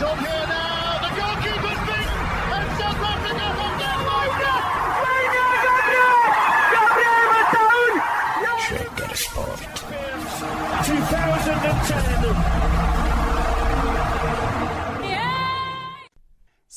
It's over here.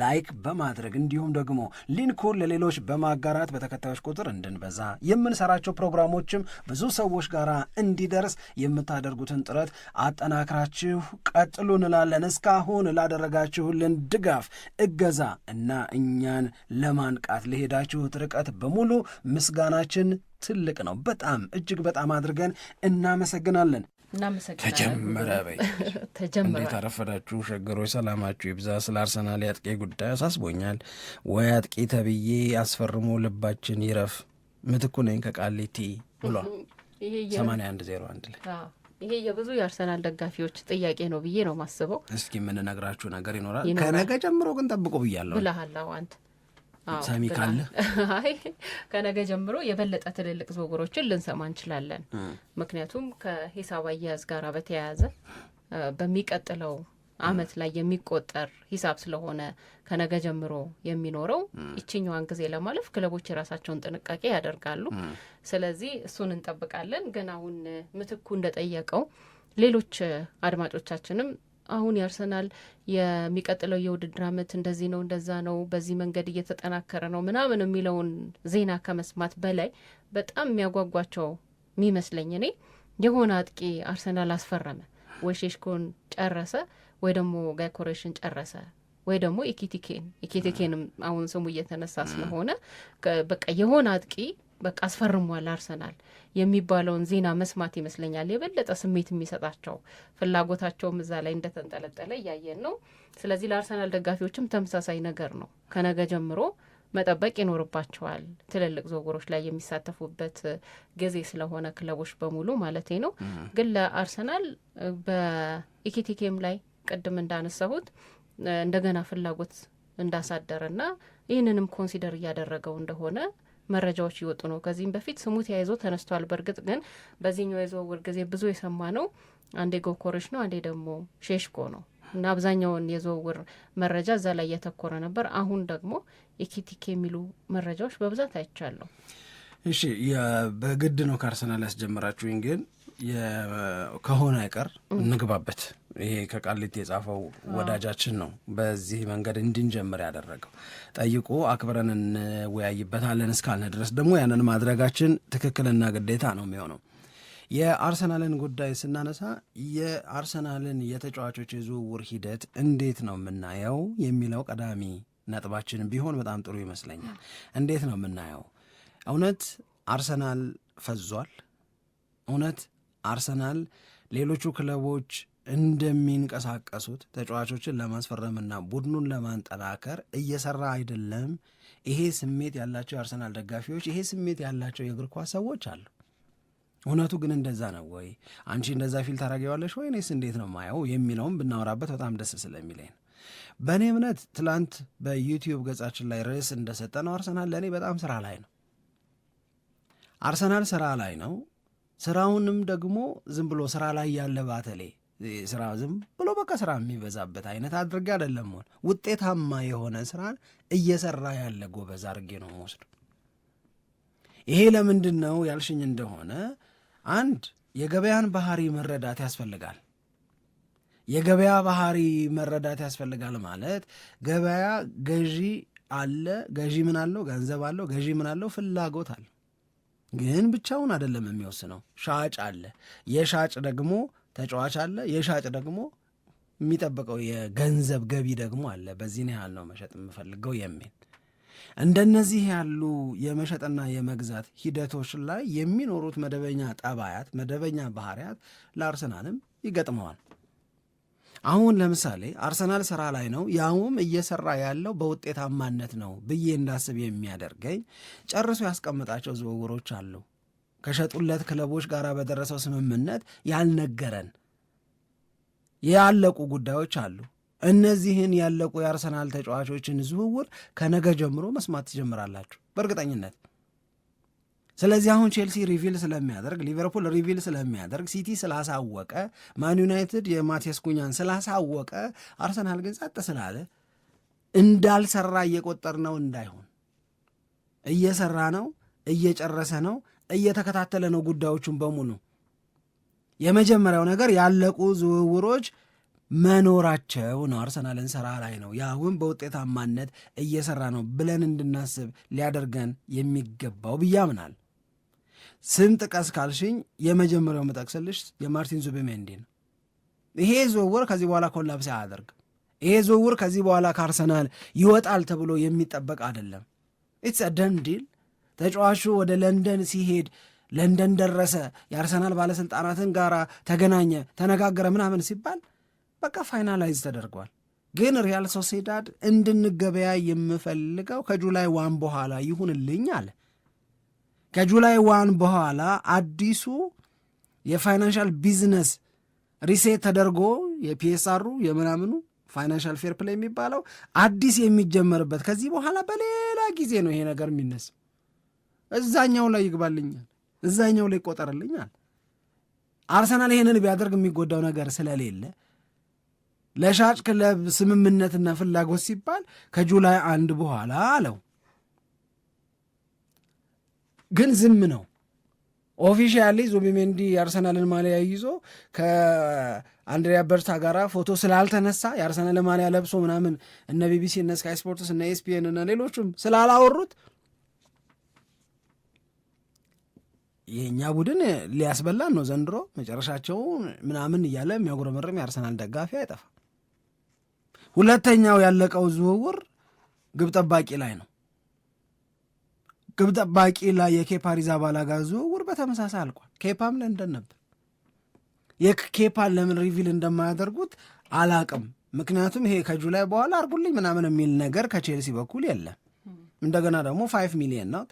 ላይክ በማድረግ እንዲሁም ደግሞ ሊንኩን ለሌሎች በማጋራት በተከታዮች ቁጥር እንድንበዛ የምንሰራቸው ፕሮግራሞችም ብዙ ሰዎች ጋር እንዲደርስ የምታደርጉትን ጥረት አጠናክራችሁ ቀጥሉ እንላለን። እስካሁን ላደረጋችሁልን ድጋፍ፣ እገዛ እና እኛን ለማንቃት ለሄዳችሁት ርቀት በሙሉ ምስጋናችን ትልቅ ነው። በጣም እጅግ በጣም አድርገን እናመሰግናለን። ተጀመረ በይ እንዴት አረፈዳችሁ ሸገሮች፣ ሰላማችሁ ይብዛ። ስለ አርሰናል የአጥቂ ጉዳይ አሳስቦኛል። ወይ አጥቂ ተብዬ አስፈርሞ ልባችን ይረፍ። ምትኩ ነኝ ከቃሊቲ ብሏል። ሰማንያ አንድ ዜሮ አንድ ላይ ይሄ የብዙ የአርሰናል ደጋፊዎች ጥያቄ ነው ብዬ ነው ማስበው። እስኪ የምንነግራችሁ ነገር ይኖራል። ከነገ ጀምሮ ግን ጠብቁ ብያለሁ ብለሃል አንተ ሳሚ ካለ አይ ከነገ ጀምሮ የበለጠ ትልልቅ ዝውውሮችን ልንሰማ እንችላለን። ምክንያቱም ከሂሳብ አያያዝ ጋር በተያያዘ በሚቀጥለው አመት ላይ የሚቆጠር ሂሳብ ስለሆነ ከነገ ጀምሮ የሚኖረው ይችኛዋን ጊዜ ለማለፍ ክለቦች የራሳቸውን ጥንቃቄ ያደርጋሉ። ስለዚህ እሱን እንጠብቃለን። ግን አሁን ምትኩ እንደጠየቀው ሌሎች አድማጮቻችንም አሁን የአርሰናል የሚቀጥለው የውድድር አመት እንደዚህ ነው እንደዛ ነው በዚህ መንገድ እየተጠናከረ ነው ምናምን የሚለውን ዜና ከመስማት በላይ በጣም የሚያጓጓቸው የሚመስለኝ እኔ የሆነ አጥቂ አርሰናል አስፈረመ ወይ ሼሽኮን ጨረሰ ወይ ደግሞ ጋይ ኮሬሽን ጨረሰ ወይ ደግሞ ኢኬቲኬን ኢኬቲኬንም አሁን ስሙ እየተነሳ ስለሆነ በቃ የሆነ አጥቂ በቃ አስፈርሟል አርሰናል የሚባለውን ዜና መስማት ይመስለኛል የበለጠ ስሜት የሚሰጣቸው ፍላጎታቸውም እዛ ላይ እንደተንጠለጠለ እያየን ነው። ስለዚህ ለአርሰናል ደጋፊዎችም ተመሳሳይ ነገር ነው። ከነገ ጀምሮ መጠበቅ ይኖርባቸዋል። ትልልቅ ዝውውሮች ላይ የሚሳተፉበት ጊዜ ስለሆነ ክለቦች በሙሉ ማለት ነው። ግን ለአርሰናል በኢኬቲኬም ላይ ቅድም እንዳነሳሁት እንደገና ፍላጎት እንዳሳደረና ይህንንም ኮንሲደር እያደረገው እንደሆነ መረጃዎች እየወጡ ነው። ከዚህም በፊት ስሙ ተያይዞ ተነስቷል። በእርግጥ ግን በዚህኛው የዝውውር ጊዜ ብዙ የሰማ ነው። አንዴ ጎኮሬሽ ነው፣ አንዴ ደግሞ ሼሽኮ ነው እና አብዛኛውን የዝውውር መረጃ እዛ ላይ እያተኮረ ነበር። አሁን ደግሞ የኪቲኬ የሚሉ መረጃዎች በብዛት አይቻለሁ። እሺ፣ በግድ ነው ከአርሰናል ያስጀመራችሁኝ ግን ከሆነ አይቀር እንግባበት። ይሄ ከቃሊት የጻፈው ወዳጃችን ነው በዚህ መንገድ እንድንጀምር ያደረገው። ጠይቆ አክብረን እንወያይበታለን እስካልን ድረስ ደግሞ ያንን ማድረጋችን ትክክልና ግዴታ ነው የሚሆነው። የአርሰናልን ጉዳይ ስናነሳ የአርሰናልን የተጫዋቾች የዝውውር ሂደት እንዴት ነው የምናየው የሚለው ቀዳሚ ነጥባችን ቢሆን በጣም ጥሩ ይመስለኛል። እንዴት ነው የምናየው? እውነት አርሰናል ፈዟል? እውነት አርሰናል ሌሎቹ ክለቦች እንደሚንቀሳቀሱት ተጫዋቾችን ለማስፈረምና ቡድኑን ለማንጠናከር እየሰራ አይደለም። ይሄ ስሜት ያላቸው የአርሰናል ደጋፊዎች፣ ይሄ ስሜት ያላቸው የእግር ኳስ ሰዎች አሉ። እውነቱ ግን እንደዛ ነው ወይ? አንቺ እንደዛ ፊል ታደርጊዋለሽ ወይ? እኔስ እንዴት ነው ማየው የሚለውም ብናወራበት በጣም ደስ ስለሚለኝ ነው። በእኔ እምነት ትላንት በዩቲዩብ ገጻችን ላይ ርዕስ እንደሰጠ ነው አርሰናል ለእኔ በጣም ስራ ላይ ነው። አርሰናል ስራ ላይ ነው። ስራውንም ደግሞ ዝም ብሎ ስራ ላይ ያለ ባተሌ ስራ ዝም ብሎ በቃ ስራ የሚበዛበት አይነት አድርጌ አይደለም ሆን ውጤታማ የሆነ ስራን እየሰራ ያለ ጎበዝ አድርጌ ነው መወስዱ። ይሄ ለምንድን ነው ያልሽኝ እንደሆነ አንድ የገበያን ባህሪ መረዳት ያስፈልጋል። የገበያ ባህሪ መረዳት ያስፈልጋል ማለት ገበያ ገዢ አለ። ገዢ ምን አለው? ገንዘብ አለው። ገዢ ምን አለው? ፍላጎት አለው። ግን ብቻውን አይደለም የሚወስነው፣ ሻጭ አለ። የሻጭ ደግሞ ተጫዋች አለ። የሻጭ ደግሞ የሚጠበቀው የገንዘብ ገቢ ደግሞ አለ። በዚህን ያህል ነው መሸጥ የምፈልገው የሚል እንደነዚህ ያሉ የመሸጥና የመግዛት ሂደቶች ላይ የሚኖሩት መደበኛ ጠባያት፣ መደበኛ ባህሪያት ለአርሰናልም ይገጥመዋል። አሁን ለምሳሌ አርሰናል ስራ ላይ ነው፣ ያውም እየሰራ ያለው በውጤታማነት ነው ብዬ እንዳስብ የሚያደርገኝ ጨርሶ ያስቀምጣቸው ዝውውሮች አሉ ከሸጡለት ክለቦች ጋር በደረሰው ስምምነት ያልነገረን ያለቁ ጉዳዮች አሉ። እነዚህን ያለቁ የአርሰናል ተጫዋቾችን ዝውውር ከነገ ጀምሮ መስማት ትጀምራላችሁ በእርግጠኝነት። ስለዚህ አሁን ቼልሲ ሪቪል ስለሚያደርግ ሊቨርፑል ሪቪል ስለሚያደርግ ሲቲ ስላሳወቀ ማን ዩናይትድ የማቴስ ኩኛን ስላሳወቀ አርሰናል ግን ጸጥ ስላለ እንዳልሰራ እየቆጠር ነው እንዳይሆን እየሰራ ነው እየጨረሰ ነው እየተከታተለ ነው ጉዳዮቹን በሙሉ የመጀመሪያው ነገር ያለቁ ዝውውሮች መኖራቸው ነው አርሰናልን ስራ ላይ ነው ያሁን በውጤታማነት እየሰራ ነው ብለን እንድናስብ ሊያደርገን የሚገባው ብዬ አምናለሁ ስም ጥቀስ ካልሽኝ የመጀመሪያው የምጠቅስልሽ የማርቲን ዙቢሜንዲ ነው። ይሄ ዝውውር ከዚህ በኋላ ኮላፕስ አያደርግም። ይሄ ዝውውር ከዚህ በኋላ ከአርሰናል ይወጣል ተብሎ የሚጠበቅ አይደለም። ኢትስ ደን ዲል። ተጫዋቹ ወደ ለንደን ሲሄድ ለንደን ደረሰ፣ የአርሰናል ባለስልጣናትን ጋር ተገናኘ፣ ተነጋገረ ምናምን ሲባል በቃ ፋይናላይዝ ተደርጓል። ግን ሪያል ሶሴዳድ እንድንገበያ የምፈልገው ከጁላይ ዋን በኋላ ይሁንልኝ አለ። ከጁላይ ዋን በኋላ አዲሱ የፋይናንሻል ቢዝነስ ሪሴት ተደርጎ የፒኤስአሩ የምናምኑ ፋይናንሻል ፌር ፕላይ የሚባለው አዲስ የሚጀመርበት ከዚህ በኋላ በሌላ ጊዜ ነው ይሄ ነገር የሚነሳው። እዛኛው ላይ ይግባልኛል፣ እዛኛው ላይ ይቆጠርልኛል። አርሰናል ይሄንን ቢያደርግ የሚጎዳው ነገር ስለሌለ ለሻጭ ክለብ ስምምነትና ፍላጎት ሲባል ከጁላይ አንድ በኋላ አለው። ግን ዝም ነው። ኦፊሻሊ ዙቢሜንዲ የአርሰናልን ማሊያ ይዞ ከአንድሪያ በርታ ጋራ ፎቶ ስላልተነሳ የአርሰናልን ማሊያ ለብሶ ምናምን እነ ቢቢሲ እነ ስካይ ስፖርትስ እነ ኤስፒኤን እና ሌሎቹም ስላላወሩት የእኛ ቡድን ሊያስበላን ነው ዘንድሮ መጨረሻቸው ምናምን እያለ የሚያጉረመርም የአርሰናል ደጋፊ አይጠፋም። ሁለተኛው ያለቀው ዝውውር ግብ ጠባቂ ላይ ነው። ግብ ጠባቂ ላይ የኬፓ አሪዛባላጋ ዝውውር በተመሳሳይ አልቋል። ኬፓም ለንደን ነበር። የኬፓን ለምን ሪቪል እንደማያደርጉት አላቅም። ምክንያቱም ይሄ ከጁላይ በኋላ አርጉልኝ ምናምን የሚል ነገር ከቼልሲ በኩል የለም። እንደገና ደግሞ ፋይቭ ሚሊየን ናት፣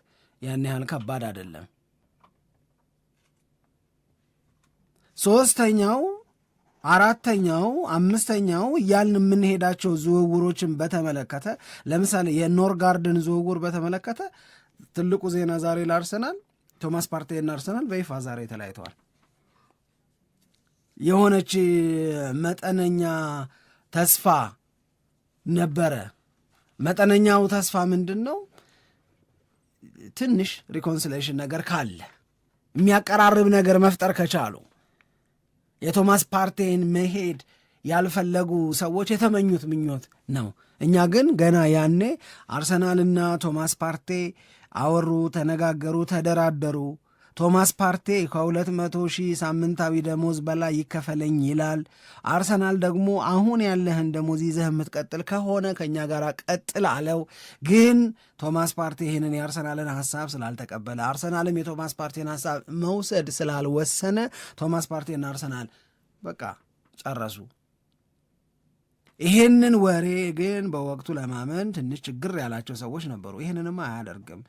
ያን ያህል ከባድ አይደለም። ሶስተኛው፣ አራተኛው፣ አምስተኛው እያልን የምንሄዳቸው ዝውውሮችን በተመለከተ ለምሳሌ የኖርጋርድን ዝውውር በተመለከተ ትልቁ ዜና ዛሬ ለአርሰናል ቶማስ ፓርቴና አርሰናል በይፋ ዛሬ ተለያይተዋል። የሆነች መጠነኛ ተስፋ ነበረ። መጠነኛው ተስፋ ምንድን ነው? ትንሽ ሪኮንሲሌሽን ነገር ካለ የሚያቀራርብ ነገር መፍጠር ከቻሉ የቶማስ ፓርቴን መሄድ ያልፈለጉ ሰዎች የተመኙት ምኞት ነው። እኛ ግን ገና ያኔ አርሰናልና ቶማስ ፓርቴ አወሩ፣ ተነጋገሩ፣ ተደራደሩ። ቶማስ ፓርቴ ከሁለት መቶ ሺህ ሳምንታዊ ደሞዝ በላይ ይከፈለኝ ይላል። አርሰናል ደግሞ አሁን ያለህን ደሞዝ ይዘህ የምትቀጥል ከሆነ ከእኛ ጋር ቀጥል አለው። ግን ቶማስ ፓርቴ ይህንን የአርሰናልን ሀሳብ ስላልተቀበለ፣ አርሰናልም የቶማስ ፓርቴን ሀሳብ መውሰድ ስላልወሰነ ቶማስ ፓርቴና አርሰናል በቃ ጨረሱ። ይህንን ወሬ ግን በወቅቱ ለማመን ትንሽ ችግር ያላቸው ሰዎች ነበሩ። ይህንንም አያደርግም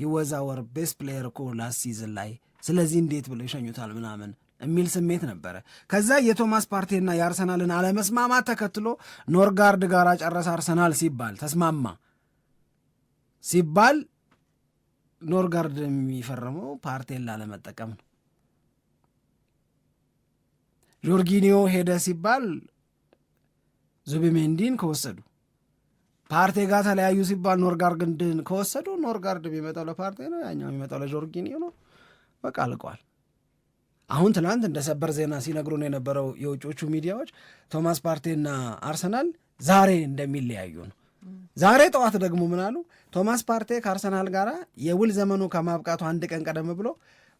ሂወዛወር አወር ቤስት ፕሌየር እኮ ላስት ሲዝን ላይ ስለዚህ እንዴት ብለው ይሸኙታል ምናምን የሚል ስሜት ነበረ። ከዛ የቶማስ ፓርቴና የአርሰናልን አለመስማማት ተከትሎ ኖርጋርድ ጋር ጨረሰ አርሰናል ሲባል ተስማማ ሲባል ኖርጋርድ የሚፈርመው ፓርቴን ላለመጠቀም ነው። ጆርጊኒዮ ሄደ ሲባል ዙቢሜንዲን ከወሰዱ ፓርቴ ጋር ተለያዩ ሲባል ኖርጋርድን ከወሰዱ ኖርጋርድ የሚመጣው ለፓርቴ ነው፣ ያኛው የሚመጣው ለጆርጊኒዮ ነው። በቃ አልቋል። አሁን ትናንት እንደ ሰበር ዜና ሲነግሩን የነበረው የውጮቹ ሚዲያዎች ቶማስ ፓርቴና አርሰናል ዛሬ እንደሚለያዩ ነው። ዛሬ ጠዋት ደግሞ ምናሉ ቶማስ ፓርቴ ከአርሰናል ጋር የውል ዘመኑ ከማብቃቱ አንድ ቀን ቀደም ብሎ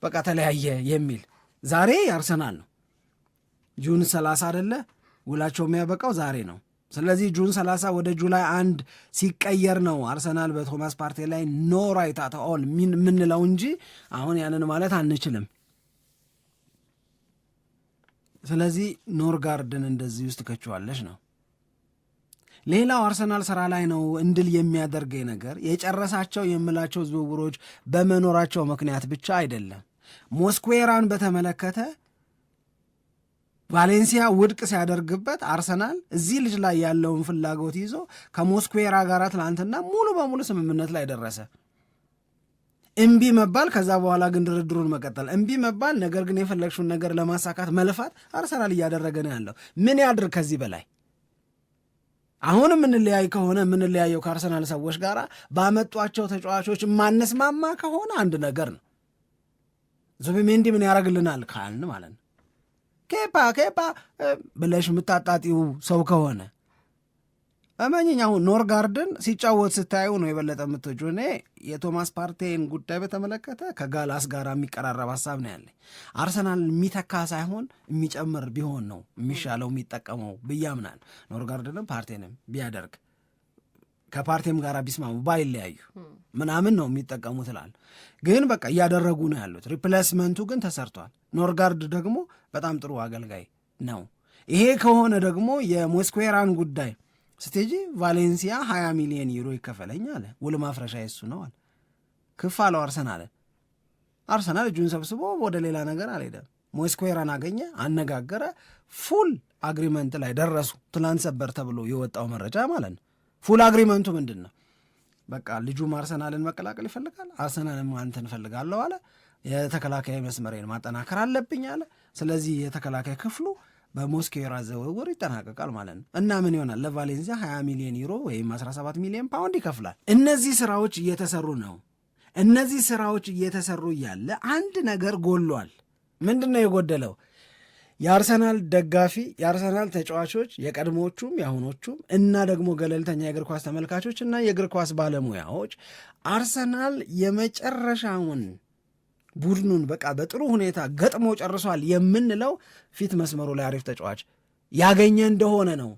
በቃ ተለያየ የሚል ዛሬ የአርሰናል ነው። ጁን ሰላሳ አደለ ውላቸው የሚያበቃው ዛሬ ነው። ስለዚህ ጁን 30 ወደ ጁላይ አንድ ሲቀየር ነው አርሰናል በቶማስ ፓርቴ ላይ ኖ ራይት አት ኦል የምንለው እንጂ አሁን ያንን ማለት አንችልም። ስለዚህ ኖርጋርድን እንደዚህ ውስጥ ከችዋለች ነው። ሌላው አርሰናል ስራ ላይ ነው እንድል የሚያደርገኝ ነገር የጨረሳቸው የምላቸው ዝውውሮች በመኖራቸው ምክንያት ብቻ አይደለም። ሞስኩዌራን በተመለከተ ቫሌንሲያ ውድቅ ሲያደርግበት አርሰናል እዚህ ልጅ ላይ ያለውን ፍላጎት ይዞ ከሞስኩዌራ ጋር ትላንትና ሙሉ በሙሉ ስምምነት ላይ ደረሰ። እምቢ መባል ከዛ በኋላ ግን ድርድሩን መቀጠል፣ እምቢ መባል ነገር ግን የፈለግሽውን ነገር ለማሳካት መልፋት አርሰናል እያደረገ ነው ያለው። ምን ያድር ከዚህ በላይ? አሁን የምንለያይ ከሆነ የምንለያየው ከአርሰናል ሰዎች ጋር ባመጧቸው ተጫዋቾች ማነስማማ ከሆነ አንድ ነገር ነው። ዙቢሜንዲ ምን ያደርግልናል ካልን ማለት ነው ኬፓ ኬፓ ብለሽ የምታጣጢው ሰው ከሆነ እመኝኝ አሁን ኖርጋርድን ሲጫወት ስታዩ ነው የበለጠ የምትጁ። እኔ የቶማስ ፓርቴን ጉዳይ በተመለከተ ከጋላስ ጋር የሚቀራረብ ሀሳብ ነው ያለኝ። አርሰናል የሚተካ ሳይሆን የሚጨምር ቢሆን ነው የሚሻለው የሚጠቀመው ብያምናል። ኖርጋርድንም ፓርቴንም ቢያደርግ ከፓርቲም ጋር ቢስማሙ ባይለያዩ ምናምን ነው የሚጠቀሙት ላሉ። ግን በቃ እያደረጉ ነው ያሉት። ሪፕሌስመንቱ ግን ተሰርቷል። ኖርጋርድ ደግሞ በጣም ጥሩ አገልጋይ ነው። ይሄ ከሆነ ደግሞ የሞስኩዌራን ጉዳይ ስቴጂ ቫሌንሲያ 20 ሚሊዮን ዩሮ ይከፈለኝ አለ። ውል ማፍረሻ የሱ ነው አለ። ክፍ አለው አርሰናል። አርሰናል እጁን ሰብስቦ ወደ ሌላ ነገር አልሄደም። ሞስኩዌራን አገኘ፣ አነጋገረ፣ ፉል አግሪመንት ላይ ደረሱ። ትላንት ሰበር ተብሎ የወጣው መረጃ ማለት ነው። ፉል አግሪመንቱ ምንድን ነው? በቃ ልጁም አርሰናልን መቀላቀል ይፈልጋል፣ አርሰናልም አንተን እፈልጋለሁ አለ። የተከላካይ መስመሬን ማጠናከር አለብኝ አለ። ስለዚህ የተከላካይ ክፍሉ በሞስኬራ ዝውውር ይጠናቀቃል ማለት ነው እና ምን ይሆናል? ለቫሌንሲያ 20 ሚሊዮን ዩሮ ወይም 17 ሚሊዮን ፓውንድ ይከፍላል። እነዚህ ስራዎች እየተሰሩ ነው። እነዚህ ስራዎች እየተሰሩ እያለ አንድ ነገር ጎሏል። ምንድን ነው የጎደለው? የአርሰናል ደጋፊ የአርሰናል ተጫዋቾች የቀድሞቹም የአሁኖቹም እና ደግሞ ገለልተኛ የእግር ኳስ ተመልካቾች እና የእግር ኳስ ባለሙያዎች አርሰናል የመጨረሻውን ቡድኑን በቃ በጥሩ ሁኔታ ገጥሞ ጨርሷል የምንለው ፊት መስመሩ ላይ አሪፍ ተጫዋች ያገኘ እንደሆነ ነው።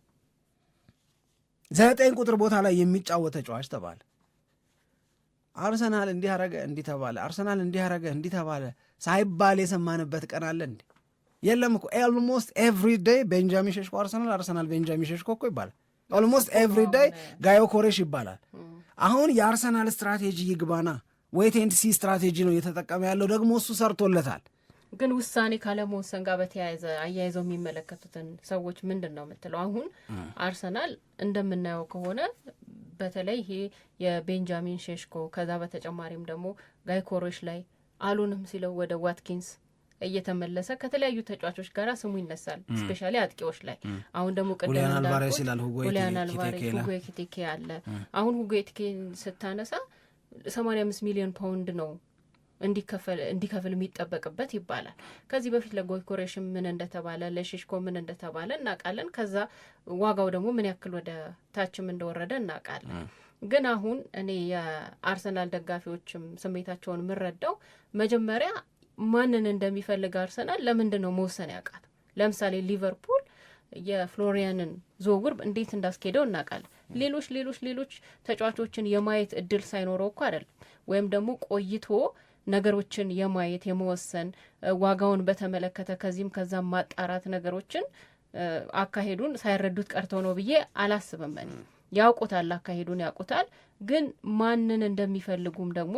ዘጠኝ ቁጥር ቦታ ላይ የሚጫወት ተጫዋች ተባለ። አርሰናል እንዲህ አረገ እንዲህ ተባለ፣ አርሰናል እንዲህ አረገ እንዲህ ተባለ ሳይባል የሰማንበት ቀን አለ እንዴ? የለም እኮ ኦልሞስት ኤቭሪ ዴይ ቤንጃሚን ሸሽኮ አርሰናል፣ አርሰናል ቤንጃሚን ሸሽኮ እኮ ይባላል። ኦልሞስት ኤቭሪ ዴይ ጋዮ ኮሬሽ ይባላል። አሁን የአርሰናል ስትራቴጂ ይግባና ዌይት ኤንድ ሲ ስትራቴጂ ነው እየተጠቀመ ያለው። ደግሞ እሱ ሰርቶለታል። ግን ውሳኔ ካለመወሰን ጋር በተያያዘ አያይዘው የሚመለከቱትን ሰዎች ምንድን ነው የምትለው? አሁን አርሰናል እንደምናየው ከሆነ በተለይ ይሄ የቤንጃሚን ሼሽኮ ከዛ በተጨማሪም ደግሞ ጋይ ኮሬሽ ላይ አሉንም ሲለው ወደ ዋትኪንስ እየተመለሰ ከተለያዩ ተጫዋቾች ጋር ስሙ ይነሳል። ስፔሻሊ አጥቂዎች ላይ አሁን ደግሞ ቅድም ሁሊያን ሁጎ ኤኪቲኬ አለ። አሁን ሁጎ ኤኪቲኬን ስታነሳ ሰማንያ አምስት ሚሊዮን ፓውንድ ነው እንዲከፍል የሚጠበቅበት ይባላል። ከዚህ በፊት ለጎይኮሬሽን ምን እንደተባለ ለሽሽኮ ምን እንደተባለ እናውቃለን። ከዛ ዋጋው ደግሞ ምን ያክል ወደ ታችም እንደወረደ እናውቃለን። ግን አሁን እኔ የአርሰናል ደጋፊዎችም ስሜታቸውን የምረዳው መጀመሪያ ማንን እንደሚፈልግ አርሰናል ለምንድን ነው መወሰን ያውቃል። ለምሳሌ ሊቨርፑል የፍሎሪያንን ዝውውር እንዴት እንዳስኬደው እናውቃለን። ሌሎች ሌሎች ሌሎች ተጫዋቾችን የማየት እድል ሳይኖረው እኮ አይደለም። ወይም ደግሞ ቆይቶ ነገሮችን የማየት የመወሰን ዋጋውን በተመለከተ ከዚህም ከዛም ማጣራት ነገሮችን አካሄዱን ሳይረዱት ቀርተው ነው ብዬ አላስብም። ያውቁታል፣ አካሄዱን ያውቁታል። ግን ማንን እንደሚፈልጉም ደግሞ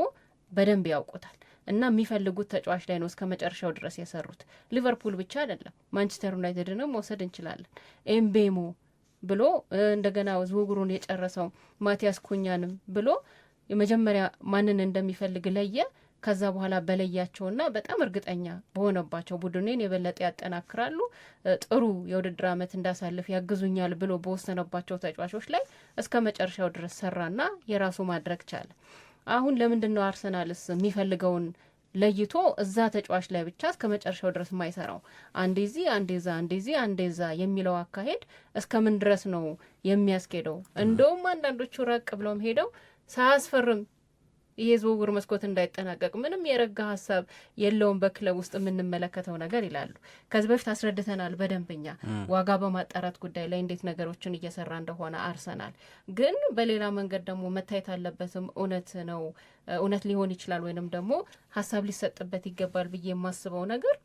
በደንብ ያውቁታል። እና የሚፈልጉት ተጫዋች ላይ ነው እስከ መጨረሻው ድረስ የሰሩት። ሊቨርፑል ብቻ አይደለም ማንቸስተር ዩናይትድንም መውሰድ እንችላለን። ኤምቤሞ ብሎ እንደገና ዝውውሩን የጨረሰው ማቲያስ ኩኛንም ብሎ የመጀመሪያ ማንን እንደሚፈልግ ለየ። ከዛ በኋላ በለያቸውና በጣም እርግጠኛ በሆነባቸው ቡድኔን የበለጠ ያጠናክራሉ፣ ጥሩ የውድድር ዓመት እንዳሳልፍ ያግዙኛል ብሎ በወሰነባቸው ተጫዋቾች ላይ እስከ መጨረሻው ድረስ ሰራና የራሱ ማድረግ ቻለ። አሁን ለምንድን ነው አርሰናልስ የሚፈልገውን ለይቶ እዛ ተጫዋች ላይ ብቻ እስከ መጨረሻው ድረስ የማይሰራው? አንዴ ዚ አንዴ ዛ አንዴ ዚ አንዴ ዛ የሚለው አካሄድ እስከ ምን ድረስ ነው የሚያስኬደው? እንደውም አንዳንዶቹ ራቅ ብለውም ሄደው ሳያስፈርም ይሄ ዝውውር መስኮት እንዳይጠናቀቅ ምንም የረጋ ሀሳብ የለውም በክለብ ውስጥ የምንመለከተው ነገር ይላሉ። ከዚህ በፊት አስረድተናል በደንበኛ ዋጋ በማጣራት ጉዳይ ላይ እንዴት ነገሮችን እየሰራ እንደሆነ አርሰናል ግን በሌላ መንገድ ደግሞ መታየት አለበትም እውነት ነው እውነት ሊሆን ይችላል ወይንም ደግሞ ሀሳብ ሊሰጥበት ይገባል ብዬ የማስበው ነገር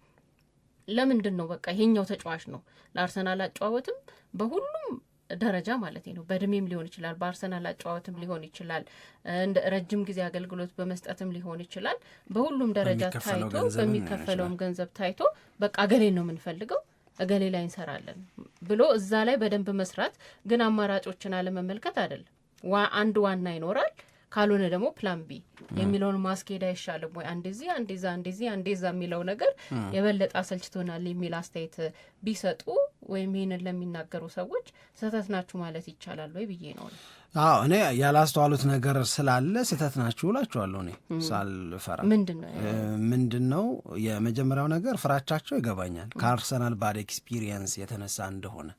ለምንድን ነው በቃ ይሄኛው ተጫዋች ነው ለአርሰናል አጫዋወትም በሁሉም ደረጃ ማለት ነው። በእድሜም ሊሆን ይችላል፣ በአርሰናል አጫዋትም ሊሆን ይችላል፣ እንደ ረጅም ጊዜ አገልግሎት በመስጠትም ሊሆን ይችላል። በሁሉም ደረጃ ታይቶ በሚከፈለውም ገንዘብ ታይቶ በቃ እገሌን ነው የምንፈልገው እገሌ ላይ እንሰራለን ብሎ እዛ ላይ በደንብ መስራት ግን አማራጮችን አለመመልከት አይደለም። ዋ አንድ ዋና ይኖራል ካልሆነ ደግሞ ፕላን ቢ የሚለውን ማስኬድ አይሻልም ወይ? አንዴዚ አንዴዛ አንዴዚ አንዴዛ የሚለው ነገር የበለጠ አሰልችቶናል የሚል አስተያየት ቢሰጡ ወይም ይህንን ለሚናገሩ ሰዎች ስህተት ናችሁ ማለት ይቻላል ወይ ብዬ ነው። አዎ እኔ ያላስተዋሉት ነገር ስላለ ስህተት ናችሁ እላችኋለሁ። እኔ ሳልፈራ ምንድን ነው የመጀመሪያው ነገር ፍራቻቸው ይገባኛል። ከአርሰናል ባድ ኤክስፒሪየንስ የተነሳ እንደሆነ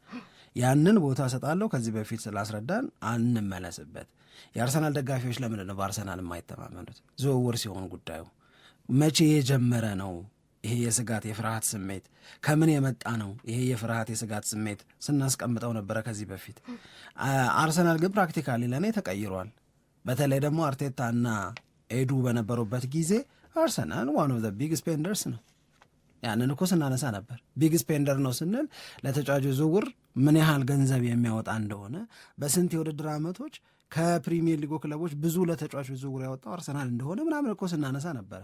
ያንን ቦታ እሰጣለሁ። ከዚህ በፊት ስላስረዳን አንመለስበት። የአርሰናል ደጋፊዎች ለምንድን ነው በአርሰናል የማይተማመኑት? ዝውውር ሲሆን ጉዳዩ መቼ የጀመረ ነው ይሄ የስጋት የፍርሃት ስሜት ከምን የመጣ ነው? ይሄ የፍርሃት የስጋት ስሜት ስናስቀምጠው ነበረ ከዚህ በፊት። አርሰናል ግን ፕራክቲካሊ ለእኔ ተቀይሯል። በተለይ ደግሞ አርቴታ እና ኤዱ በነበሩበት ጊዜ አርሰናል ዋን ኦፍ ዘ ቢግ ስፔንደርስ ነው። ያንን እኮ ስናነሳ ነበር። ቢግ ስፔንደር ነው ስንል ለተጫዋች ዝውውር ምን ያህል ገንዘብ የሚያወጣ እንደሆነ በስንት የውድድር ዓመቶች ከፕሪሚየር ሊጉ ክለቦች ብዙ ለተጫዋች ዝውውር ያወጣው አርሰናል እንደሆነ ምናምን እኮ ስናነሳ ነበረ።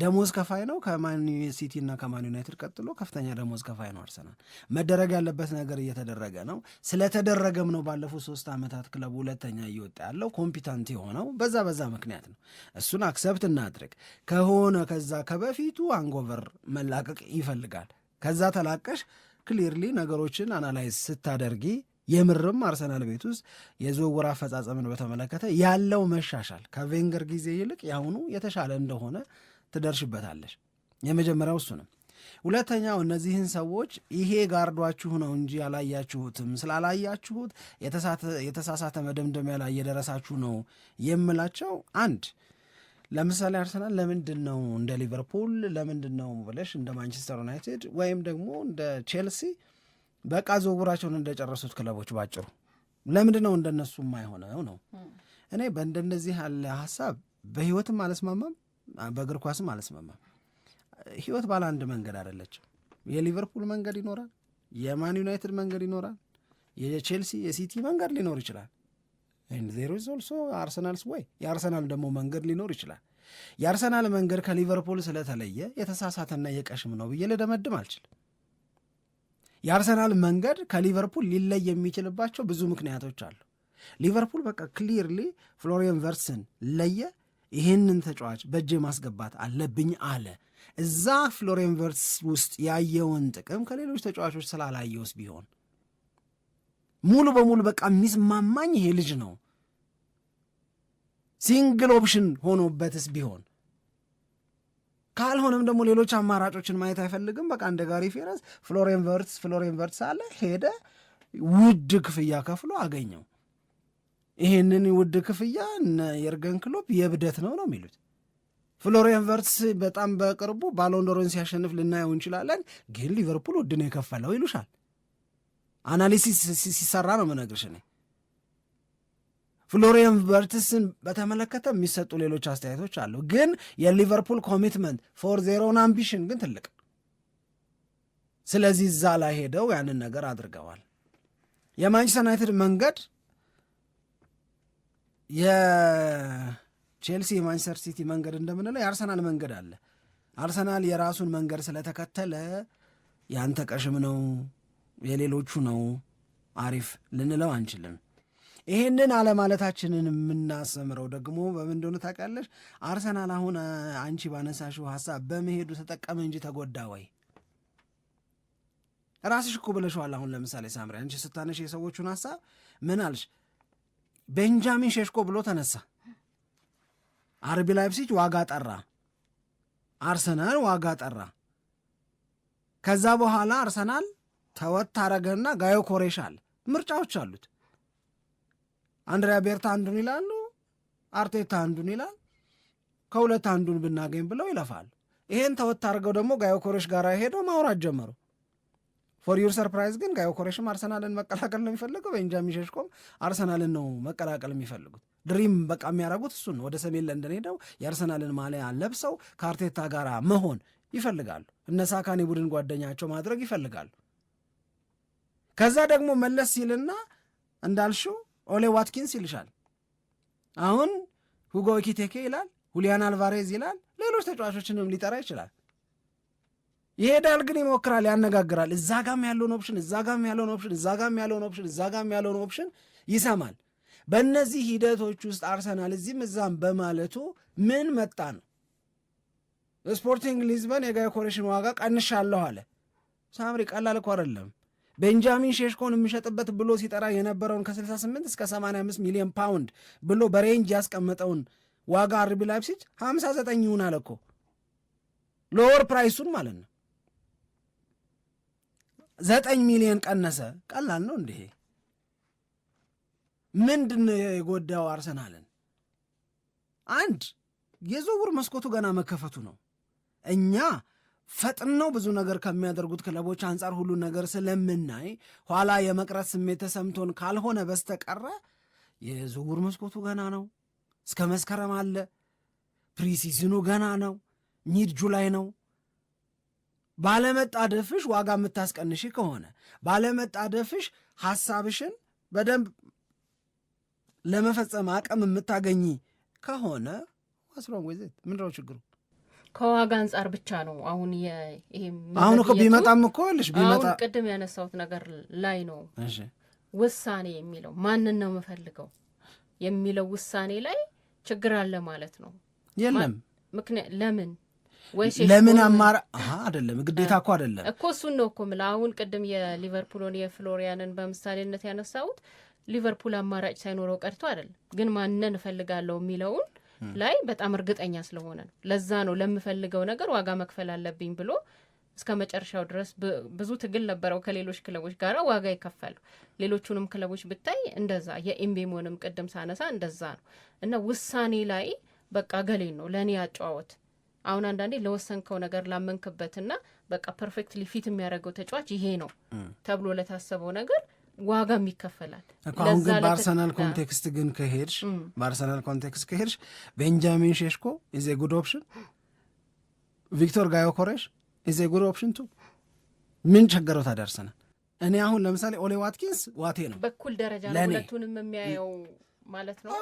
ደሞዝ ከፋይ ነው። ከማን ሲቲ እና ከማን ዩናይትድ ቀጥሎ ከፍተኛ ደሞዝ ከፋይ ነው አርሰናል። መደረግ ያለበት ነገር እየተደረገ ነው። ስለተደረገም ነው ባለፉት ሶስት ዓመታት ክለቡ ሁለተኛ እየወጣ ያለው ኮምፒታንት የሆነው በዛ በዛ ምክንያት ነው። እሱን አክሰብት እናድርግ ከሆነ ከዛ ከበፊቱ አንጎቨር መላቀቅ ይፈልጋል። ከዛ ተላቀሽ ክሊርሊ ነገሮችን አናላይዝ ስታደርጊ የምርም አርሰናል ቤት ውስጥ የዝውውር አፈጻጸምን በተመለከተ ያለው መሻሻል ከቬንገር ጊዜ ይልቅ የአሁኑ የተሻለ እንደሆነ ትደርሽበታለች የመጀመሪያው እሱ ነው። ሁለተኛው እነዚህን ሰዎች ይሄ ጋርዷችሁ ነው እንጂ ያላያችሁትም፣ ስላላያችሁት የተሳሳተ መደምደሚያ ላይ የደረሳችሁ ነው የምላቸው። አንድ ለምሳሌ አርሰናል ለምንድን ነው እንደ ሊቨርፑል ለምንድን ነው ብለሽ እንደ ማንቸስተር ዩናይትድ ወይም ደግሞ እንደ ቼልሲ በቃ ዝውውራቸውን እንደጨረሱት ክለቦች ባጭሩ ለምንድን ነው እንደነሱ የማይሆነው ነው። እኔ በእንደነዚህ ያለ ሀሳብ በህይወትም አልስማማም። በእግር ኳስም አልስማማም። ህይወት ባለ አንድ መንገድ አይደለችም። የሊቨርፑል መንገድ ይኖራል፣ የማን ዩናይትድ መንገድ ይኖራል፣ የቼልሲ የሲቲ መንገድ ሊኖር ይችላል። ዜሮ ሶልሶ አርሰናልስ ወይ የአርሰናል ደግሞ መንገድ ሊኖር ይችላል። የአርሰናል መንገድ ከሊቨርፑል ስለተለየ የተሳሳተና የቀሽም ነው ብዬ ልደመድም አልችልም። የአርሰናል መንገድ ከሊቨርፑል ሊለይ የሚችልባቸው ብዙ ምክንያቶች አሉ። ሊቨርፑል በቃ ክሊርሊ ፍሎሪየን ቨርስን ለየ። ይህንን ተጫዋች በእጄ ማስገባት አለብኝ አለ። እዛ ፍሎሬንቨርስ ቨርትስ ውስጥ ያየውን ጥቅም ከሌሎች ተጫዋቾች ስላላየውስ ቢሆን ሙሉ በሙሉ በቃ የሚስማማኝ ይሄ ልጅ ነው ሲንግል ኦፕሽን ሆኖበትስ ቢሆን ካልሆነም ደግሞ ሌሎች አማራጮችን ማየት አይፈልግም። በቃ እንደ ጋሪ ፌረስ ፍሎሪያን ቨርትስ ቨርትስ አለ ሄደ፣ ውድ ክፍያ ከፍሎ አገኘው። ይሄንን ውድ ክፍያ እነ የርገን ክሎፕ የብደት ነው ነው የሚሉት። ፍሎሪያን ቨርትስ በጣም በቅርቡ ባሎንዶሮን ሲያሸንፍ ልናየው እንችላለን፣ ግን ሊቨርፑል ውድ ነው የከፈለው ይሉሻል። አናሊሲስ ሲሰራ ነው መነግርሽ። እኔ ፍሎሪያን ቨርትስን በተመለከተ የሚሰጡ ሌሎች አስተያየቶች አሉ፣ ግን የሊቨርፑል ኮሚትመንት ፎር ዜሮን አምቢሽን ግን ትልቅ። ስለዚህ እዛ ላይ ሄደው ያንን ነገር አድርገዋል። የማንቸስተር ዩናይትድ መንገድ የቼልሲ የማንቸስተር ሲቲ መንገድ እንደምንለው የአርሰናል መንገድ አለ። አርሰናል የራሱን መንገድ ስለተከተለ የአንተ ቀሽም ነው የሌሎቹ ነው አሪፍ ልንለው አንችልም። ይሄንን አለማለታችንን የምናሰምረው ደግሞ በምን እንደሆነ አርሰናል አሁን አንቺ ባነሳሽው ሀሳብ በመሄዱ ተጠቀመ እንጂ ተጎዳ ወይ? ራስሽ እኮ ብለሽዋል። አሁን ለምሳሌ ሳምሪ አንቺ ስታነሽ የሰዎቹን ሀሳብ ምን አልሽ? ቤንጃሚን ሼሽኮ ብሎ ተነሳ። አርቢ ላይፕሲጅ ዋጋ ጠራ፣ አርሰናል ዋጋ ጠራ። ከዛ በኋላ አርሰናል ተወት አረገና ጋዮ ኮሬሽ አለ። ምርጫዎች አሉት። አንድሪያ ቤርታ አንዱን ይላሉ፣ አርቴታ አንዱን ይላል። ከሁለት አንዱን ብናገኝ ብለው ይለፋሉ። ይሄን ተወት አድርገው ደግሞ ጋዮ ኮሬሽ ጋር ሄደው ማውራት ጀመሩ። ፎር ዩር ሰርፕራይዝ ግን ጋዮ ኮሬሽም አርሰናልን መቀላቀል ነው የሚፈልገው። ቤንጃሚን ሸሽኮም አርሰናልን ነው መቀላቀል የሚፈልጉት። ድሪም በቃ የሚያረጉት እሱን ወደ ሰሜን ለንደን ሄደው የአርሰናልን ማሊያ ለብሰው ከአርቴታ ጋር መሆን ይፈልጋሉ። እነ ሳካን የቡድን ጓደኛቸው ማድረግ ይፈልጋሉ። ከዛ ደግሞ መለስ ሲልና እንዳልሽው ኦሌ ዋትኪንስ ይልሻል። አሁን ሁጎ ኢኪቴኬ ይላል፣ ሁሊያን አልቫሬዝ ይላል፣ ሌሎች ተጫዋቾችንም ሊጠራ ይችላል። ይሄዳል ግን ይሞክራል፣ ያነጋግራል። እዛ ጋም ያለውን ኦፕሽን እዛ ጋም ያለውን ኦፕሽን እዛ ጋም ያለውን ኦፕሽን እዛ ጋም ያለውን ኦፕሽን ይሰማል። በእነዚህ ሂደቶች ውስጥ አርሰናል እዚህም እዛም በማለቱ ምን መጣ ነው? ስፖርቲንግ ሊዝበን የጋይ ኮሬሽን ዋጋ ቀንሻለሁ አለ። ሳምሪ ቀላል እኮ አይደለም። ቤንጃሚን ሼሽኮን የሚሸጥበት ብሎ ሲጠራ የነበረውን ከ68 እስከ 85 ሚሊዮን ፓውንድ ብሎ በሬንጅ ያስቀመጠውን ዋጋ አርቢ ላይፕሲጅ 59 ይሆናል እኮ ሎወር ፕራይሱን ማለት ነው። ዘጠኝ ሚሊዮን ቀነሰ። ቀላል ነው እንዲ ምንድን የጎዳው አርሰናልን? አንድ የዝውውር መስኮቱ ገና መከፈቱ ነው። እኛ ፈጥነው ብዙ ነገር ከሚያደርጉት ክለቦች አንጻር ሁሉን ነገር ስለምናይ ኋላ የመቅረት ስሜት ተሰምቶን ካልሆነ በስተቀረ የዝውውር መስኮቱ ገና ነው። እስከ መስከረም አለ። ፕሪሲዝኑ ገና ነው። ሚድ ጁላይ ነው። ባለመጣደፍሽ ዋጋ የምታስቀንሽ ከሆነ ባለመጣደፍሽ ሀሳብሽን በደንብ ለመፈጸም አቅም የምታገኝ ከሆነ ዋስሮን ወይዘት ችግሩ? ከዋጋ አንጻር ብቻ ነው። አሁን አሁን እኮ ቢመጣም እኮ ልሽ ቢመጣ ቅድም ያነሳሁት ነገር ላይ ነው ውሳኔ የሚለው ማንን ነው የምፈልገው የሚለው ውሳኔ ላይ ችግር አለ ማለት ነው። የለም ምክንያት ለምን ለምን አማራ አደለም፣ ግዴታ እኮ አደለም እኮ እሱን ነው እኮ የምልህ። አሁን ቅድም የሊቨርፑልን የፍሎሪያንን በምሳሌነት ያነሳሁት ሊቨርፑል አማራጭ ሳይኖረው ቀርቶ አደለም፣ ግን ማንን እፈልጋለሁ የሚለውን ላይ በጣም እርግጠኛ ስለሆነ ነው። ለዛ ነው ለምፈልገው ነገር ዋጋ መክፈል አለብኝ ብሎ እስከ መጨረሻው ድረስ ብዙ ትግል ነበረው ከሌሎች ክለቦች ጋር ዋጋ ይከፈሉ። ሌሎቹንም ክለቦች ብታይ እንደዛ የኤምቤሞንም ቅድም ሳነሳ እንደዛ ነው እና ውሳኔ ላይ በቃ ገሌን ነው ለእኔ ያጫወት አሁን አንዳንዴ ለወሰንከው ነገር ላመንክበትና በቃ ፐርፌክትሊ ፊት የሚያደርገው ተጫዋች ይሄ ነው ተብሎ ለታሰበው ነገር ዋጋም ይከፈላል። አሁን ግን በአርሰናል ኮንቴክስት ግን ከሄድሽ በአርሰናል ኮንቴክስት ከሄድሽ ቤንጃሚን ሼሽኮ ኢዜ ጉድ ኦፕሽን፣ ቪክቶር ጋዮ ኮሬሽ ኢዜ ጉድ ኦፕሽን ቱ ምን ቸገረው ታዲያ አርሰናል? እኔ አሁን ለምሳሌ ኦሌ ዋትኪንስ ዋቴ ነው በኩል ደረጃ ነው ሁለቱንም የሚያየው ማለት ነው።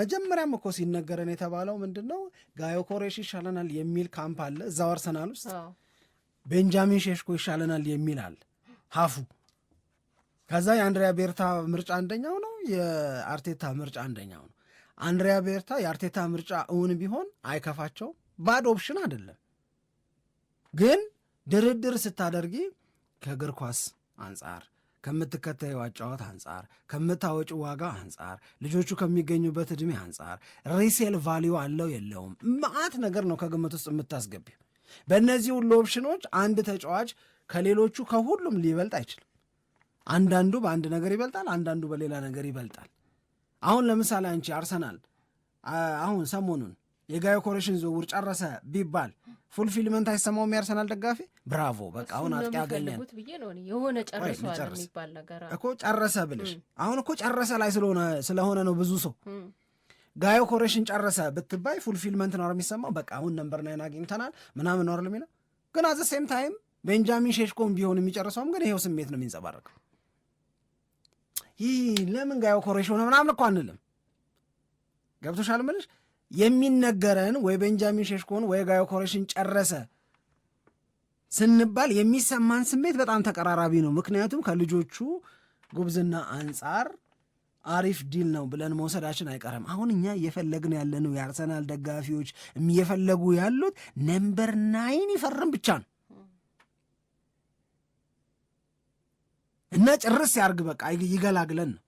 መጀመሪያም እኮ ሲነገረን የተባለው ምንድን ነው? ጋዮ ኮሬሽ ይሻለናል የሚል ካምፕ አለ እዛው አርሰናል ውስጥ። ቤንጃሚን ሼሽኮ ይሻለናል የሚል አለ ሀፉ። ከዛ የአንድሪያ ቤርታ ምርጫ አንደኛው ነው፣ የአርቴታ ምርጫ አንደኛው ነው። አንድሪያ ቤርታ የአርቴታ ምርጫ እውን ቢሆን አይከፋቸውም። ባድ ኦፕሽን አይደለም። ግን ድርድር ስታደርጊ ከእግር ኳስ አንጻር ከምትከተዩ ጨዋታ አንጻር ከምታወጭ ዋጋ አንጻር ልጆቹ ከሚገኙበት እድሜ አንጻር ሪሴል ቫሊዩ አለው የለውም መዓት ነገር ነው ከግምት ውስጥ የምታስገቢ። በእነዚህ ሁሉ ኦፕሽኖች አንድ ተጫዋች ከሌሎቹ ከሁሉም ሊበልጥ አይችልም። አንዳንዱ በአንድ ነገር ይበልጣል፣ አንዳንዱ በሌላ ነገር ይበልጣል። አሁን ለምሳሌ አንቺ አርሰናል አሁን ሰሞኑን የጋዮ ኮሬሽን ዝውውር ጨረሰ ቢባል ፉልፊልመንት አይሰማውም ያርሰናል ደጋፊ ብራቮ በቃ አሁን አጥቂ አገኘን የሆነ እኮ ጨረሰ ብልሽ አሁን እኮ ጨረሰ ላይ ስለሆነ ስለሆነ ነው ብዙ ሰው ጋዮ ኮሬሽን ጨረሰ ብትባይ ፉልፊልመንት ነው የሚሰማው በቃ አሁን ነንበር ናይን አግኝተናል ምናምን ነው የሚለው ግን አዘ ሴም ታይም ቤንጃሚን ሼሽኮን ቢሆን የሚጨርሰውም ግን ይሄው ስሜት ነው የሚንጸባረቀው ይህ ለምን ጋዮ ኮሬሽ ሆነ ምናምን እኮ አንልም ገብቶሻል ምልሽ የሚነገረን ወይ ቤንጃሚን ሼሽኮን ወይ ጋዮ ኮሬሽን ጨረሰ ስንባል የሚሰማን ስሜት በጣም ተቀራራቢ ነው። ምክንያቱም ከልጆቹ ጉብዝና አንጻር አሪፍ ዲል ነው ብለን መውሰዳችን አይቀርም። አሁን እኛ እየፈለግን ያለነው የአርሰናል ደጋፊዎች እየፈለጉ ያሉት ነምበር ናይን ይፈርም ብቻ ነው እና ጭርስ ያርግ በቃ ይገላግለን ነው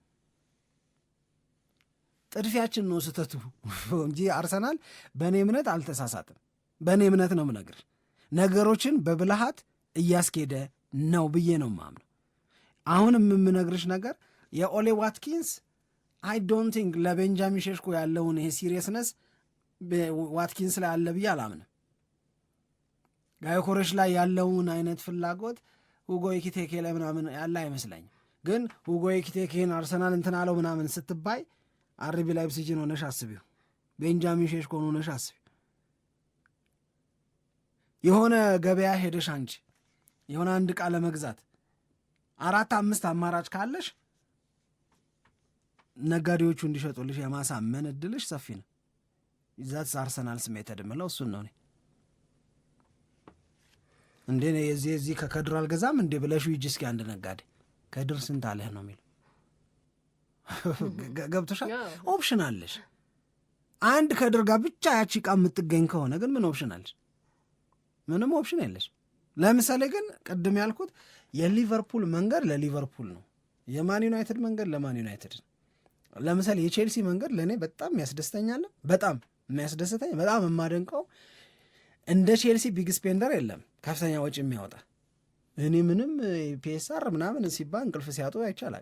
ጥድፊያችን ነው ስህተቱ እንጂ አርሰናል በእኔ እምነት አልተሳሳትም። በእኔ እምነት ነው ምነግር ነገሮችን በብልሃት እያስኬደ ነው ብዬ ነው ማምነው። አሁንም የምነግርሽ ነገር የኦሌ ዋትኪንስ አይ ዶንት ቲንክ ለቤንጃሚን ሸሽኮ ያለውን ይሄ ሲሪየስነስ ዋትኪንስ ላይ አለ ብዬ አላምንም። ጋዮኮረሽ ላይ ያለውን አይነት ፍላጎት ሁጎ ኢኪቴኬ ላይ ምናምን ያለ አይመስለኝም። ግን ሁጎ ኢኪቴኬን አርሰናል እንትን አለው ምናምን ስትባይ አርቢ ላይፕሲጅን ሆነሽ አስቢው፣ ቤንጃሚን ሼሽኮን ሆነሽ አስቢው። የሆነ ገበያ ሄደሽ አንቺ የሆነ አንድ ዕቃ ለመግዛት አራት አምስት አማራጭ ካለሽ ነጋዴዎቹ እንዲሸጡልሽ የማሳመን እድልሽ ሰፊ ነው። ዛትስ አርሰናል ስሜት ድምለው እሱን ነው። እንዴ የዚህ የዚህ ከከድር አልገዛም እንዴ ብለሽ ሂጂ እስኪ አንድ ነጋዴ ከድር ስንት አለህ ነው የሚለው ገብቶሻል። ኦፕሽን አለሽ። አንድ ከድር ጋር ብቻ ያቺ ዕቃ የምትገኝ ከሆነ ግን ምን ኦፕሽን አለሽ? ምንም ኦፕሽን የለሽ። ለምሳሌ ግን ቅድም ያልኩት የሊቨርፑል መንገድ ለሊቨርፑል ነው፣ የማን ዩናይትድ መንገድ ለማን ዩናይትድ ነው። ለምሳሌ የቼልሲ መንገድ ለእኔ በጣም ያስደስተኛል፣ በጣም የሚያስደስተኝ፣ በጣም የማደንቀው እንደ ቼልሲ ቢግ ስፔንደር የለም ከፍተኛ ወጪ የሚያወጣ እኔ ምንም ፒኤስአር ምናምን ሲባል እንቅልፍ ሲያጡ አይቻል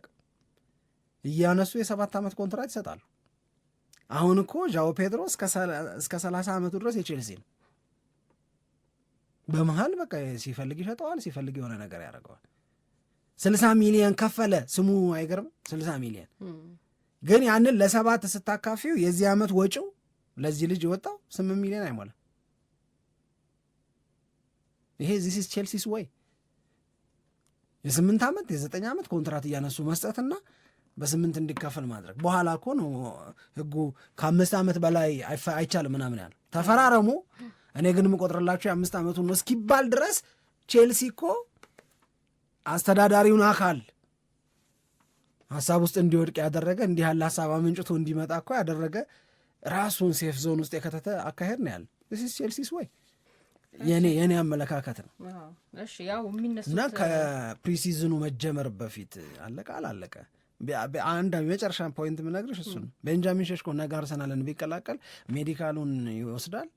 እያነሱ የሰባት ዓመት ኮንትራት ይሰጣሉ። አሁን እኮ ዣኦ ፔድሮ እስከ ሰላሳ ዓመቱ ድረስ የቼልሲ ነው። በመሀል በቃ ሲፈልግ ይሸጠዋል፣ ሲፈልግ የሆነ ነገር ያደርገዋል። ስልሳ ሚሊየን ከፈለ ስሙ አይገርም? ስልሳ ሚሊየን ግን ያንን ለሰባት ስታካፊው የዚህ ዓመት ወጪው ለዚህ ልጅ የወጣው ስምንት ሚሊዮን አይሞላም። ይሄ ዚስ ቼልሲስ ወይ የስምንት ዓመት የዘጠኝ ዓመት ኮንትራት እያነሱ መስጠትና በስምንት እንዲከፈል ማድረግ በኋላ እኮ ነው ህጉ ከአምስት ዓመት በላይ አይቻልም ምናምን ያለ። ተፈራረሙ። እኔ ግን የምቆጥርላቸው የአምስት ዓመቱን ነው እስኪባል ድረስ ቼልሲ እኮ አስተዳዳሪውን አካል ሀሳብ ውስጥ እንዲወድቅ ያደረገ እንዲህ ያለ ሀሳብ አመንጭቶ እንዲመጣ እኮ ያደረገ ራሱን ሴፍ ዞን ውስጥ የከተተ አካሄድ ነው ያለ ቼልሲስ ወይ የኔ የኔ አመለካከት ነው እና ከፕሪሲዝኑ መጀመር በፊት አለቀ አላለቀ አንድ የመጨረሻ ፖይንት የምነግርሽ እሱ ነው። ቤንጃሚን ሸሽኮ ነገ አርሰናልን ቢቀላቀል ሜዲካሉን ይወስዳል።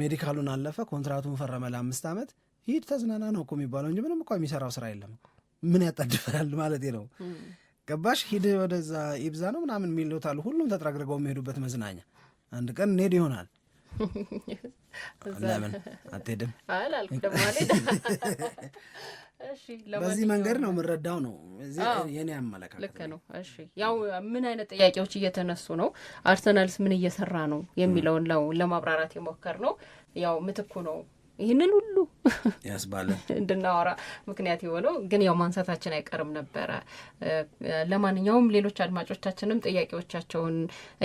ሜዲካሉን አለፈ፣ ኮንትራቱን ፈረመ ለአምስት ዓመት። ሂድ ተዝናና ነው እኮ የሚባለው እንጂ ምንም እኮ የሚሰራው ስራ የለም። ምን ያጣድፈናል ማለት ነው። ገባሽ? ሂድ ወደዛ ይብዛ ነው ምናምን የሚሉታል። ሁሉም ተጥረግርገው የሚሄዱበት መዝናኛ አንድ ቀን እንሄድ ይሆናል። ለምን አትሄድም? በዚህ መንገድ ነው ምረዳው ነው የኔ አመለካከት። ልክ ነው። እሺ ያው ምን አይነት ጥያቄዎች እየተነሱ ነው፣ አርሰናልስ ምን እየሰራ ነው የሚለውን ለማብራራት የሞከር ነው ያው ምትኩ ነው ይህንን ሁሉ ያስባለ እንድናወራ ምክንያት የሆነው ግን ያው ማንሳታችን አይቀርም ነበረ። ለማንኛውም ሌሎች አድማጮቻችንም ጥያቄዎቻቸውን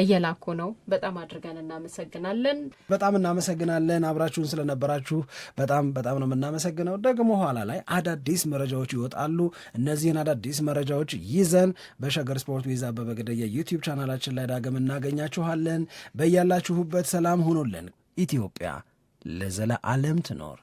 እየላኩ ነው። በጣም አድርገን እናመሰግናለን። በጣም እናመሰግናለን። አብራችሁን ስለነበራችሁ በጣም በጣም ነው የምናመሰግነው። ደግሞ ኋላ ላይ አዳዲስ መረጃዎች ይወጣሉ። እነዚህን አዳዲስ መረጃዎች ይዘን በሸገር ስፖርት ዊዛ በበገደ የዩቲዩብ ቻናላችን ላይ ዳግም እናገኛችኋለን። በያላችሁበት ሰላም ሁኑልን። ኢትዮጵያ ለዘለዓለም ትኖር።